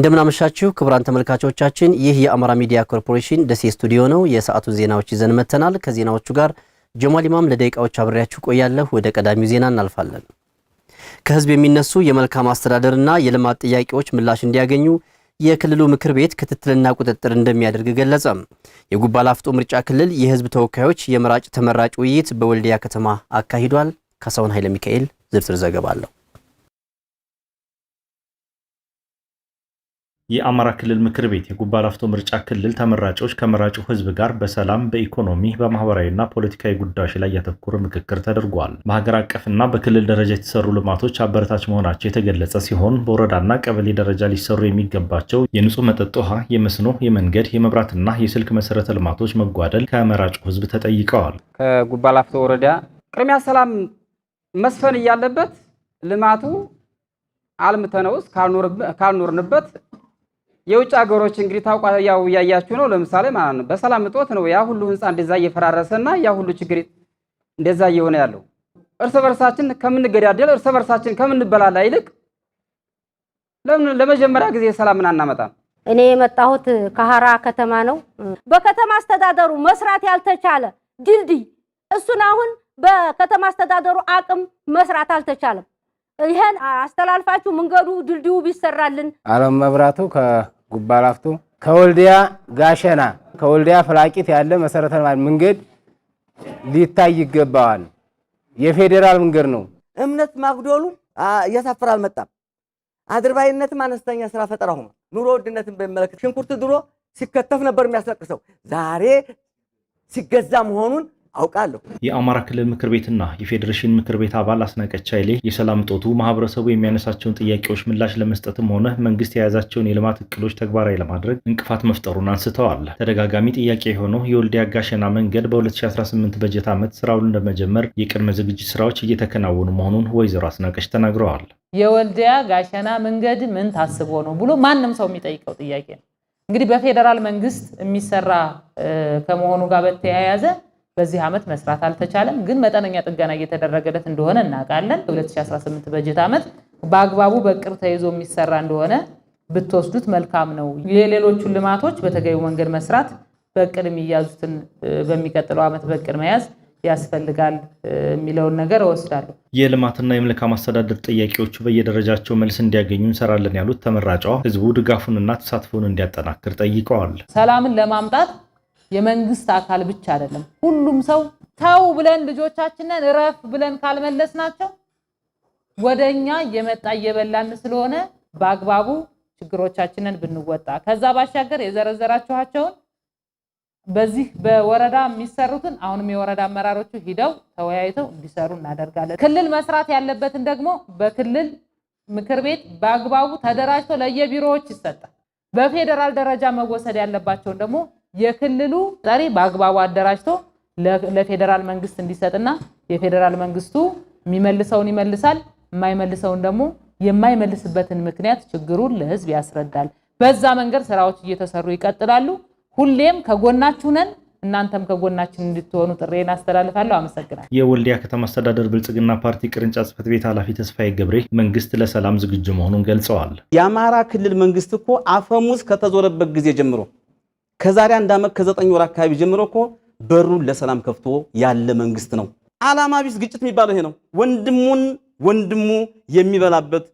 እንደምናመሻችሁ ክቡራን ተመልካቾቻችን፣ ይህ የአማራ ሚዲያ ኮርፖሬሽን ደሴ ስቱዲዮ ነው። የሰዓቱን ዜናዎች ይዘን መተናል። ከዜናዎቹ ጋር ጀማል ኢማም ለደቂቃዎች አብሬያችሁ ቆያለሁ። ወደ ቀዳሚው ዜና እናልፋለን። ከህዝብ የሚነሱ የመልካም አስተዳደርና የልማት ጥያቄዎች ምላሽ እንዲያገኙ የክልሉ ምክር ቤት ክትትልና ቁጥጥር እንደሚያደርግ ገለጸ። የጉባ ላፍቶ ምርጫ ክልል የህዝብ ተወካዮች የመራጭ ተመራጭ ውይይት በወልዲያ ከተማ አካሂዷል። ከሰውን ኃይለ ሚካኤል ዝርዝር ዘገባ አለው። የአማራ ክልል ምክር ቤት የጉባ ምርጫ ክልል ተመራጮች ከመራጩ ሕዝብ ጋር በሰላም፣ በኢኮኖሚ፣ በማህበራዊና ፖለቲካዊ ጉዳዮች ላይ ያተኮረ ምክክር ተደርጓል። በሀገር አቀፍና በክልል ደረጃ የተሰሩ ልማቶች አበረታች መሆናቸው የተገለጸ ሲሆን በወረዳና ቀበሌ ደረጃ ሊሰሩ የሚገባቸው የንጹህ መጠጥ ውሃ፣ የመስኖ፣ የመንገድ፣ የመብራትና የስልክ መሰረተ ልማቶች መጓደል ከመራጩ ሕዝብ ተጠይቀዋል። ከጉባ ወረዳ ቅድሚያ ሰላም መስፈን እያለበት ልማቱ አልምተነውስ ካልኖርንበት የውጭ ሀገሮች እንግዲህ ታውቋ ያው እያያችሁ ነው። ለምሳሌ ማለት ነው በሰላም እጦት ነው ያ ሁሉ ህንፃ እንደዛ እየፈራረሰና ያ ሁሉ ችግር እንደዛ እየሆነ ያለው። እርስ በርሳችን ከምንገዳደል እርስ በርሳችን ከምንበላላ ይልቅ ለምን ለመጀመሪያ ጊዜ ሰላምን አናመጣም? እኔ የመጣሁት ከሀራ ከተማ ነው። በከተማ አስተዳደሩ መስራት ያልተቻለ ድልድይ እሱን አሁን በከተማ አስተዳደሩ አቅም መስራት አልተቻለም። ይሄን አስተላልፋችሁ መንገዱ ድልድዩ ቢሰራልን። አለም መብራቱ ከጉባ ከወልዲያ ጋሸና፣ ከወልዲያ ፍላቂት ያለ መሰረተ ልማት መንገድ ሊታይ ይገባዋል። የፌዴራል መንገድ ነው። እምነት ማጉደሉ እያሳፈረ አልመጣም። አድርባይነትም አነስተኛ ስራ ፈጠራ ሆኖ ኑሮ ውድነትን በሚመለከት ሽንኩርት ድሮ ሲከተፍ ነበር የሚያስለቅሰው ዛሬ ሲገዛ መሆኑን አውቃለሁ። የአማራ ክልል ምክር ቤትና የፌዴሬሽን ምክር ቤት አባል አስናቀች ኃይሌ የሰላም እጦቱ ማህበረሰቡ የሚያነሳቸውን ጥያቄዎች ምላሽ ለመስጠትም ሆነ መንግስት የያዛቸውን የልማት እቅዶች ተግባራዊ ለማድረግ እንቅፋት መፍጠሩን አንስተዋል። ተደጋጋሚ ጥያቄ የሆነው የወልዲያ ጋሸና መንገድ በ2018 በጀት ዓመት ስራውን እንደመጀመር የቅድመ ዝግጅት ስራዎች እየተከናወኑ መሆኑን ወይዘሮ አስናቀች ተናግረዋል። የወልዲያ ጋሸና መንገድ ምን ታስቦ ነው ብሎ ማንም ሰው የሚጠይቀው ጥያቄ ነው። እንግዲህ በፌዴራል መንግስት የሚሰራ ከመሆኑ ጋር በተያያዘ በዚህ ዓመት መስራት አልተቻለም፣ ግን መጠነኛ ጥገና እየተደረገለት እንደሆነ እናውቃለን። 2018 በጀት ዓመት በአግባቡ በቅር ተይዞ የሚሰራ እንደሆነ ብትወስዱት መልካም ነው። የሌሎቹን ልማቶች በተገቢው መንገድ መስራት፣ በቅር የሚያዙትን በሚቀጥለው ዓመት በቅር መያዝ ያስፈልጋል የሚለውን ነገር እወስዳለሁ። የልማትና የመልካም አስተዳደር ጥያቄዎቹ በየደረጃቸው መልስ እንዲያገኙ እንሰራለን ያሉት ተመራጫዋ ህዝቡ ድጋፉንና ተሳትፎን እንዲያጠናክር ጠይቀዋል። ሰላምን ለማምጣት የመንግስት አካል ብቻ አይደለም። ሁሉም ሰው ተው ብለን ልጆቻችንን እረፍ ብለን ካልመለስናቸው ወደኛ እየመጣ እየበላን ስለሆነ በአግባቡ ችግሮቻችንን ብንወጣ ከዛ ባሻገር የዘረዘራችኋቸውን በዚህ በወረዳ የሚሰሩትን አሁንም የወረዳ አመራሮቹ ሂደው ተወያይተው እንዲሰሩ እናደርጋለን። ክልል መስራት ያለበትን ደግሞ በክልል ምክር ቤት በአግባቡ ተደራጅቶ ለየቢሮዎች ይሰጣል። በፌዴራል ደረጃ መወሰድ ያለባቸውን ደግሞ የክልሉ ጠሪ በአግባቡ አደራጅቶ ለፌዴራል መንግስት እንዲሰጥና የፌዴራል መንግስቱ የሚመልሰውን ይመልሳል፣ የማይመልሰውን ደግሞ የማይመልስበትን ምክንያት ችግሩን ለህዝብ ያስረዳል። በዛ መንገድ ስራዎች እየተሰሩ ይቀጥላሉ። ሁሌም ከጎናችሁ ነን። እናንተም ከጎናችን እንድትሆኑ ጥሬን አስተላልፋለሁ። አመሰግናል። የወልዲያ ከተማ አስተዳደር ብልጽግና ፓርቲ ቅርንጫፍ ጽፈት ቤት ኃላፊ ተስፋዬ ገብሬ መንግስት ለሰላም ዝግጁ መሆኑን ገልጸዋል። የአማራ ክልል መንግስት እኮ አፈሙዝ ከተዞረበት ጊዜ ጀምሮ ከዛሬ አንድ ዓመት ከዘጠኝ ወር አካባቢ ጀምሮ እኮ በሩን ለሰላም ከፍቶ ያለ መንግስት ነው። ዓላማ ቢስ ግጭት የሚባለው ይሄ ነው። ወንድሙን ወንድሙ የሚበላበት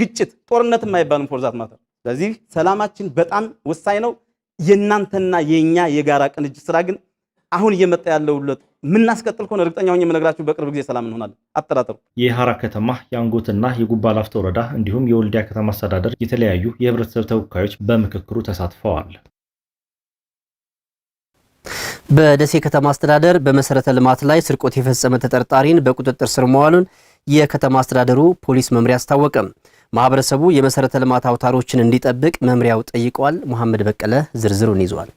ግጭት ጦርነትም አይባልም ፎርዛት ማተር። ስለዚህ ሰላማችን በጣም ወሳኝ ነው። የእናንተና የኛ የጋራ ቅንጅት ስራ ግን አሁን እየመጣ ያለው ለት የምናስቀጥል ከሆነ እርግጠኛ ሆኜ የምነግራችሁ በቅርብ ጊዜ ሰላም እንሆናለን፣ አጠራጠሩ። የሐራ ከተማ የአንጎትና የጉባ ላፍቶ ወረዳ እንዲሁም የወልዲያ ከተማ አስተዳደር የተለያዩ የህብረተሰብ ተወካዮች በምክክሩ ተሳትፈዋል። በደሴ ከተማ አስተዳደር በመሰረተ ልማት ላይ ስርቆት የፈጸመ ተጠርጣሪን በቁጥጥር ስር መዋሉን የከተማ አስተዳደሩ ፖሊስ መምሪያ አስታወቀም። ማህበረሰቡ የመሰረተ ልማት አውታሮችን እንዲጠብቅ መምሪያው ጠይቋል። መሐመድ በቀለ ዝርዝሩን ይዟል።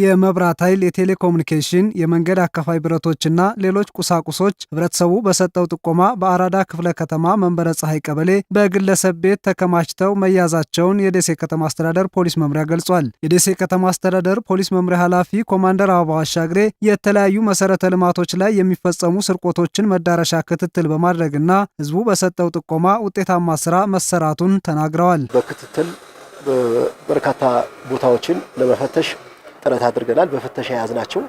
የመብራት ኃይል፣ የቴሌኮሙኒኬሽን፣ የመንገድ አካፋይ ብረቶችና ሌሎች ቁሳቁሶች ህብረተሰቡ በሰጠው ጥቆማ በአራዳ ክፍለ ከተማ መንበረ ፀሐይ ቀበሌ በግለሰብ ቤት ተከማችተው መያዛቸውን የደሴ ከተማ አስተዳደር ፖሊስ መምሪያ ገልጿል። የደሴ ከተማ አስተዳደር ፖሊስ መምሪያ ኃላፊ ኮማንደር አበባ አሻግሬ የተለያዩ መሰረተ ልማቶች ላይ የሚፈጸሙ ስርቆቶችን መዳረሻ ክትትል በማድረግና ህዝቡ በሰጠው ጥቆማ ውጤታማ ስራ መሰራቱን ተናግረዋል። በክትትል በርካታ ቦታዎችን ለመፈተሽ ጥረት አድርገናል። በፍተሻ የያዝናቸው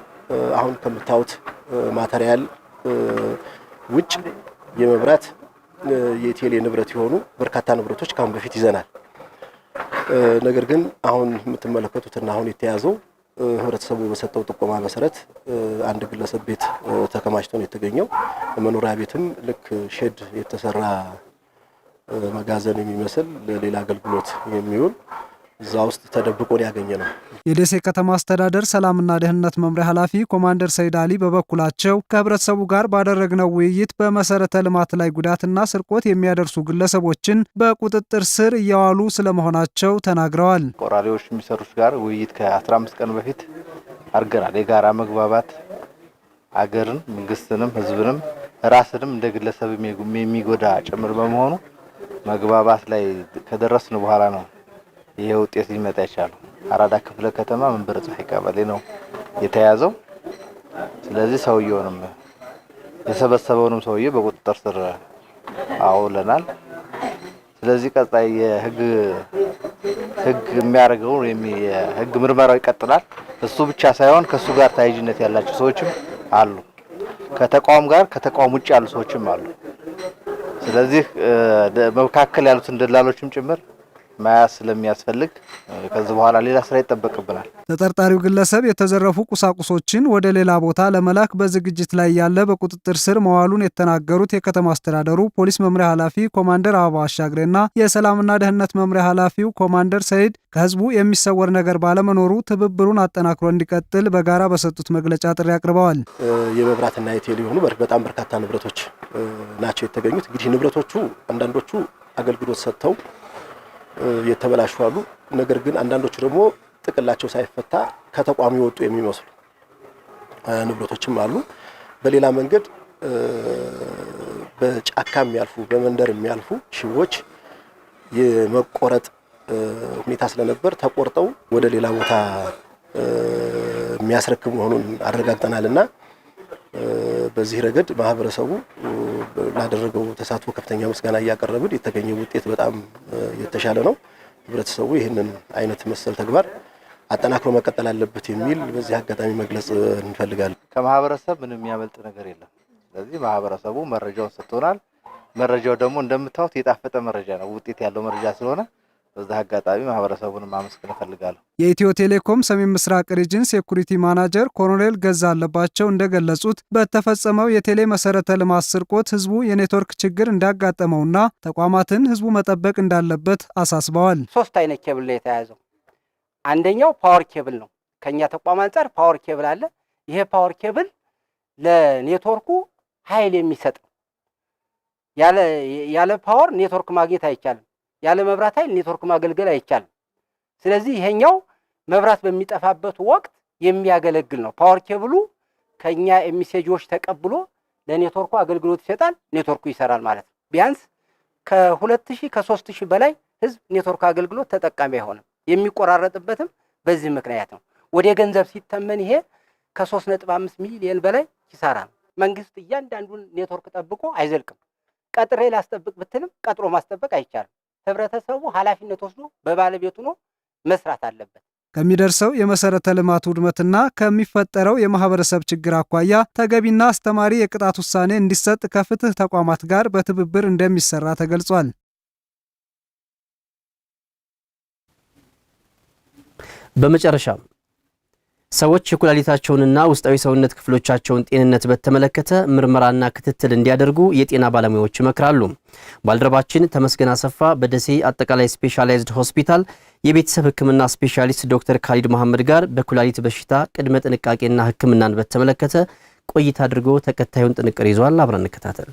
አሁን ከምታዩት ማተሪያል ውጭ የመብራት የቴሌ ንብረት የሆኑ በርካታ ንብረቶች ከአሁን በፊት ይዘናል። ነገር ግን አሁን የምትመለከቱትና አሁን የተያዘው ህብረተሰቡ በሰጠው ጥቆማ መሰረት አንድ ግለሰብ ቤት ተከማችቶ ነው የተገኘው። መኖሪያ ቤትም ልክ ሼድ የተሰራ መጋዘን የሚመስል ለሌላ አገልግሎት የሚውል እዛ ውስጥ ተደብቆ ያገኘ ነው። የደሴ ከተማ አስተዳደር ሰላምና ደህንነት መምሪያ ኃላፊ ኮማንደር ሰይድ አሊ በበኩላቸው ከህብረተሰቡ ጋር ባደረግነው ውይይት በመሰረተ ልማት ላይ ጉዳትና ስርቆት የሚያደርሱ ግለሰቦችን በቁጥጥር ስር እያዋሉ ስለመሆናቸው ተናግረዋል። ቆራሪዎች የሚሰሩት ጋር ውይይት ከ15 ቀን በፊት አድርገናል። የጋራ መግባባት አገርን፣ መንግስትንም፣ ህዝብንም ራስንም እንደ ግለሰብ የሚጎዳ ጭምር በመሆኑ መግባባት ላይ ከደረስን በኋላ ነው ይሄ ውጤት ሊመጣ ይቻሉ። አራዳ ክፍለ ከተማ መንበረ ፀሐይ ቀበሌ ነው የተያዘው። ስለዚህ ሰውየውንም የሰበሰበውንም ሰውዬ በቁጥጥር ስር አውለናል። ስለዚህ ቀጣይ የህግ ህግ የሚያደርገው የህግ ምርመራው ይቀጥላል። እሱ ብቻ ሳይሆን ከሱ ጋር ተያያዥነት ያላቸው ሰዎችም አሉ፣ ከተቋም ጋር ከተቋም ውጭ ያሉ ሰዎችም አሉ። ስለዚህ መካከል ያሉትን ደላሎችም ጭምር መያዝ ስለሚያስፈልግ ከዚህ በኋላ ሌላ ስራ ይጠበቅብናል። ተጠርጣሪው ግለሰብ የተዘረፉ ቁሳቁሶችን ወደ ሌላ ቦታ ለመላክ በዝግጅት ላይ ያለ በቁጥጥር ስር መዋሉን የተናገሩት የከተማ አስተዳደሩ ፖሊስ መምሪያ ኃላፊ ኮማንደር አበባ አሻግሬና የሰላምና ደህንነት መምሪያ ኃላፊው ኮማንደር ሰይድ ከህዝቡ የሚሰወር ነገር ባለመኖሩ ትብብሩን አጠናክሮ እንዲቀጥል በጋራ በሰጡት መግለጫ ጥሪ አቅርበዋል። የመብራትና የቴሌ የሆኑ በጣም በርካታ ንብረቶች ናቸው የተገኙት። እንግዲህ ንብረቶቹ አንዳንዶቹ አገልግሎት ሰጥተው የተበላሹ አሉ። ነገር ግን አንዳንዶቹ ደግሞ ጥቅላቸው ሳይፈታ ከተቋሚ የወጡ የሚመስሉ ንብረቶችም አሉ። በሌላ መንገድ በጫካ የሚያልፉ በመንደር የሚያልፉ ሽቦች የመቆረጥ ሁኔታ ስለነበር ተቆርጠው ወደ ሌላ ቦታ የሚያስረክብ መሆኑን አረጋግጠናል እና በዚህ ረገድ ማህበረሰቡ ላደረገው ተሳትፎ ከፍተኛ ምስጋና እያቀረብን የተገኘ ውጤት በጣም የተሻለ ነው። ህብረተሰቡ ይህንን አይነት መሰል ተግባር አጠናክሮ መቀጠል አለበት የሚል በዚህ አጋጣሚ መግለጽ እንፈልጋለን። ከማህበረሰብ ምንም የሚያመልጥ ነገር የለም። ስለዚህ ማህበረሰቡ መረጃውን ሰጥቶናል። መረጃው ደግሞ እንደምታዩት የጣፈጠ መረጃ ነው፣ ውጤት ያለው መረጃ ስለሆነ በዛ አጋጣሚ ማህበረሰቡን ማመስገን እፈልጋለሁ። የኢትዮ ቴሌኮም ሰሜን ምስራቅ ሪጅን ሴኩሪቲ ማናጀር ኮሎኔል ገዛ አለባቸው እንደገለጹት በተፈጸመው የቴሌ መሰረተ ልማት ስርቆት ህዝቡ የኔትወርክ ችግር እንዳጋጠመውና ተቋማትን ህዝቡ መጠበቅ እንዳለበት አሳስበዋል። ሶስት አይነት ኬብል ነው የተያያዘው። አንደኛው ፓወር ኬብል ነው። ከኛ ተቋም አንጻር ፓወር ኬብል አለ። ይሄ ፓወር ኬብል ለኔትወርኩ ኃይል የሚሰጥ ያለ ፓወር ኔትወርክ ማግኘት አይቻልም። ያለ መብራት ኃይል ኔትወርክ ማገልገል አይቻልም። ስለዚህ ይሄኛው መብራት በሚጠፋበት ወቅት የሚያገለግል ነው። ፓወር ኬብሉ ከኛ ኤሚሴጆች ተቀብሎ ለኔትወርኩ አገልግሎት ይሰጣል። ኔትወርኩ ይሰራል ማለት ነው። ቢያንስ ከ 2000 ከ 3000 በላይ ህዝብ ኔትወርክ አገልግሎት ተጠቃሚ አይሆንም። የሚቆራረጥበትም በዚህ ምክንያት ነው። ወደ ገንዘብ ሲተመን ይሄ ከ35 ሚሊዮን በላይ ኪሳራ ነው። መንግስት እያንዳንዱን ኔትወርክ ጠብቆ አይዘልቅም። ቀጥሬ ላስጠብቅ ብትልም ቀጥሮ ማስጠበቅ አይቻልም። ህብረተሰቡ ኃላፊነት ወስዶ በባለቤቱ ነው መስራት አለበት። ከሚደርሰው የመሰረተ ልማት ውድመትና ከሚፈጠረው የማህበረሰብ ችግር አኳያ ተገቢና አስተማሪ የቅጣት ውሳኔ እንዲሰጥ ከፍትህ ተቋማት ጋር በትብብር እንደሚሰራ ተገልጿል። በመጨረሻም ሰዎች የኩላሊታቸውንና ውስጣዊ ሰውነት ክፍሎቻቸውን ጤንነት በተመለከተ ምርመራና ክትትል እንዲያደርጉ የጤና ባለሙያዎች ይመክራሉ። ባልደረባችን ተመስገን አሰፋ በደሴ አጠቃላይ ስፔሻላይዝድ ሆስፒታል የቤተሰብ ሕክምና ስፔሻሊስት ዶክተር ካሊድ መሐመድ ጋር በኩላሊት በሽታ ቅድመ ጥንቃቄና ሕክምናን በተመለከተ ቆይታ አድርጎ ተከታዩን ጥንቅር ይዟል። አብረን እንከታተል።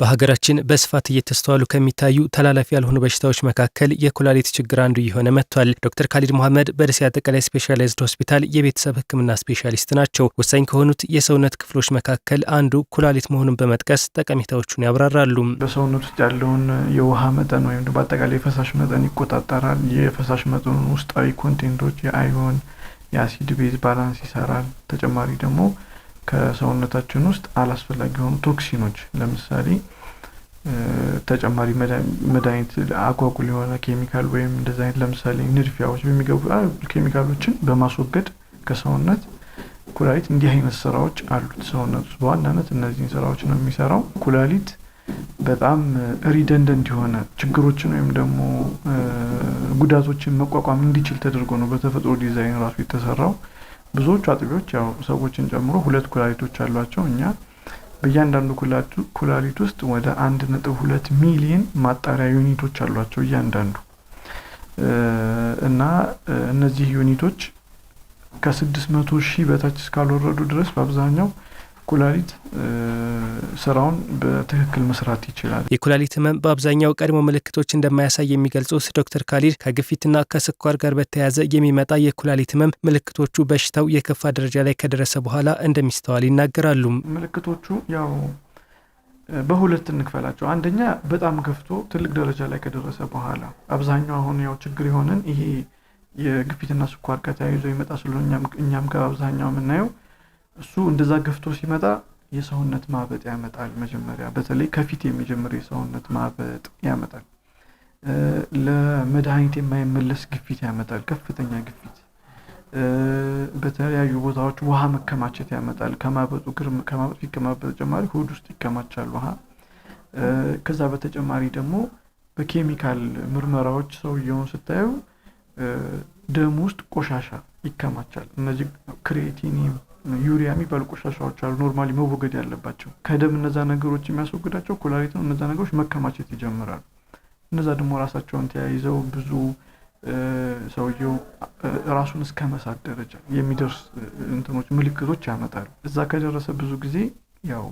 በሀገራችን በስፋት እየተስተዋሉ ከሚታዩ ተላላፊ ያልሆኑ በሽታዎች መካከል የኩላሊት ችግር አንዱ እየሆነ መጥቷል። ዶክተር ካሊድ መሐመድ በደሴ አጠቃላይ ስፔሻላይዝድ ሆስፒታል የቤተሰብ ሕክምና ስፔሻሊስት ናቸው። ወሳኝ ከሆኑት የሰውነት ክፍሎች መካከል አንዱ ኩላሊት መሆኑን በመጥቀስ ጠቀሜታዎቹን ያብራራሉ። በሰውነት ውስጥ ያለውን የውሃ መጠን ወይም በአጠቃላይ የፈሳሽ መጠን ይቆጣጠራል። የፈሳሽ መጠኑን ውስጣዊ ኮንቴንቶች፣ የአይሆን የአሲድ ቤዝ ባላንስ ይሰራል። ተጨማሪ ደግሞ ከሰውነታችን ውስጥ አላስፈላጊ የሆኑ ቶክሲኖች ለምሳሌ ተጨማሪ መድኃኒት፣ አጓጉል የሆነ ኬሚካል ወይም እንደዚ አይነት ለምሳሌ ንድፊያዎች በሚገቡ ኬሚካሎችን በማስወገድ ከሰውነት ኩላሊት እንዲህ አይነት ስራዎች አሉት። ሰውነት ውስጥ በዋናነት እነዚህን ስራዎች ነው የሚሰራው። ኩላሊት በጣም ሪደንደንት የሆነ ችግሮችን ወይም ደግሞ ጉዳቶችን መቋቋም እንዲችል ተደርጎ ነው በተፈጥሮ ዲዛይን ራሱ የተሰራው። ብዙዎቹ አጥቢዎች ያው ሰዎችን ጨምሮ ሁለት ኩላሊቶች አሏቸው። እኛ በእያንዳንዱ ኩላሊት ውስጥ ወደ አንድ ነጥብ ሁለት ሚሊየን ማጣሪያ ዩኒቶች አሏቸው እያንዳንዱ እና እነዚህ ዩኒቶች ከስድስት መቶ ሺህ በታች እስካልወረዱ ድረስ በአብዛኛው ኩላሊት ስራውን በትክክል መስራት ይችላል። የኩላሊት ህመም በአብዛኛው ቀድሞ ምልክቶች እንደማያሳይ የሚገልጹት ዶክተር ካሊድ ከግፊትና ከስኳር ጋር በተያያዘ የሚመጣ የኩላሊት ህመም ምልክቶቹ በሽታው የከፋ ደረጃ ላይ ከደረሰ በኋላ እንደሚስተዋል ይናገራሉ። ምልክቶቹ ያው በሁለት እንክፈላቸው። አንደኛ በጣም ገፍቶ ትልቅ ደረጃ ላይ ከደረሰ በኋላ አብዛኛው አሁን ያው ችግር የሆነን ይሄ የግፊትና ስኳር ጋር ተያይዞ ይመጣ ስለሆነ እኛም ጋር አብዛኛው የምናየው እሱ እንደዛ ገፍቶ ሲመጣ የሰውነት ማበጥ ያመጣል። መጀመሪያ በተለይ ከፊት የሚጀምር የሰውነት ማበጥ ያመጣል። ለመድኃኒት የማይመለስ ግፊት ያመጣል፣ ከፍተኛ ግፊት። በተለያዩ ቦታዎች ውሃ መከማቸት ያመጣል። ከማበጡ ከማበጥ ከማበጥ ተጨማሪ ሆድ ውስጥ ይከማቻል ውሃ። ከዛ በተጨማሪ ደግሞ በኬሚካል ምርመራዎች ሰውየውን ስታዩ ደም ውስጥ ቆሻሻ ይከማቻል። እነዚህ ክሬቲኒም ዩሪያ የሚባሉ ቆሻሻዎች አሉ ኖርማሊ መወገድ ያለባቸው ከደም እነዛ ነገሮች የሚያስወግዳቸው ኩላሊት ነው። እነዛ ነገሮች መከማቸት ይጀምራሉ። እነዛ ደግሞ ራሳቸውን ተያይዘው ብዙ ሰውየው ራሱን እስከ መሳት ደረጃ የሚደርስ እንትኖች ምልክቶች ያመጣሉ። እዛ ከደረሰ ብዙ ጊዜ ያው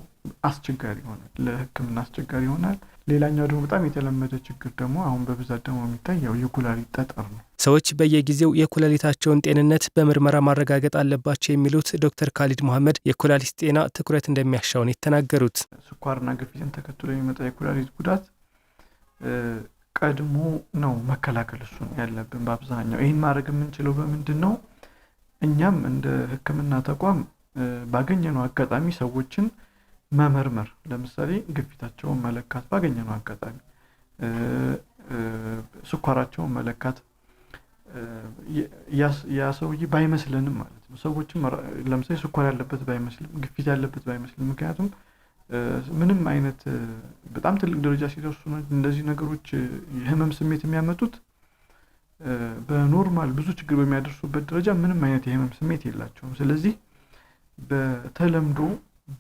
አስቸጋሪ ይሆናል፣ ለሕክምና አስቸጋሪ ይሆናል። ሌላኛው ደግሞ በጣም የተለመደ ችግር ደግሞ አሁን በብዛት ደግሞ የሚታየው የኩላሊት ጠጠር ነው። ሰዎች በየጊዜው የኩላሊታቸውን ጤንነት በምርመራ ማረጋገጥ አለባቸው የሚሉት ዶክተር ካሊድ መሐመድ የኩላሊት ጤና ትኩረት እንደሚያሻውን የተናገሩት ስኳርና ግፊትን ተከትሎ የሚመጣ የኩላሊት ጉዳት ቀድሞ ነው መከላከል እሱን ያለብን በአብዛኛው። ይህን ማድረግ የምንችለው በምንድን ነው? እኛም እንደ ሕክምና ተቋም ባገኘነው አጋጣሚ ሰዎችን መመርመር ለምሳሌ ግፊታቸውን መለካት ባገኘነው አጋጣሚ፣ ስኳራቸውን መለካት ያ ሰውዬ ባይመስልንም ማለት ነው። ሰዎችም ለምሳሌ ስኳር ያለበት ባይመስልም፣ ግፊት ያለበት ባይመስልም ምክንያቱም ምንም አይነት በጣም ትልቅ ደረጃ ሲደርሱ እንደዚህ ነገሮች የህመም ስሜት የሚያመጡት በኖርማል ብዙ ችግር በሚያደርሱበት ደረጃ ምንም አይነት የህመም ስሜት የላቸውም። ስለዚህ በተለምዶ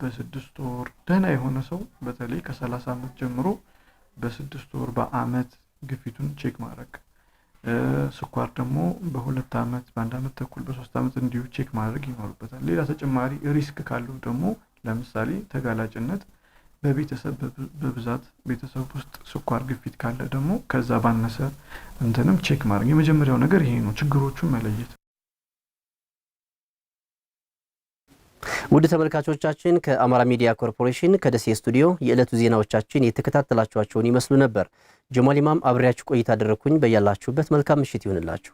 በስድስት ወር ደህና የሆነ ሰው በተለይ ከሰላሳ ዓመት ጀምሮ በስድስት ወር በአመት ግፊቱን ቼክ ማድረግ ስኳር ደግሞ በሁለት ዓመት በአንድ ዓመት ተኩል በሶስት ዓመት እንዲሁ ቼክ ማድረግ ይኖርበታል። ሌላ ተጨማሪ ሪስክ ካለው ደግሞ ለምሳሌ ተጋላጭነት በቤተሰብ በብዛት ቤተሰብ ውስጥ ስኳር ግፊት ካለ ደግሞ ከዛ ባነሰ እንትንም ቼክ ማድረግ የመጀመሪያው ነገር ይሄ ነው፣ ችግሮቹን መለየት ውድ ተመልካቾቻችን ከአማራ ሚዲያ ኮርፖሬሽን ከደሴ ስቱዲዮ የዕለቱ ዜናዎቻችን የተከታተላችኋቸውን ይመስሉ ነበር። ጀማል ኢማም አብሬያችሁ ቆይታ አደረግኩኝ። በያላችሁበት መልካም ምሽት ይሁንላችሁ።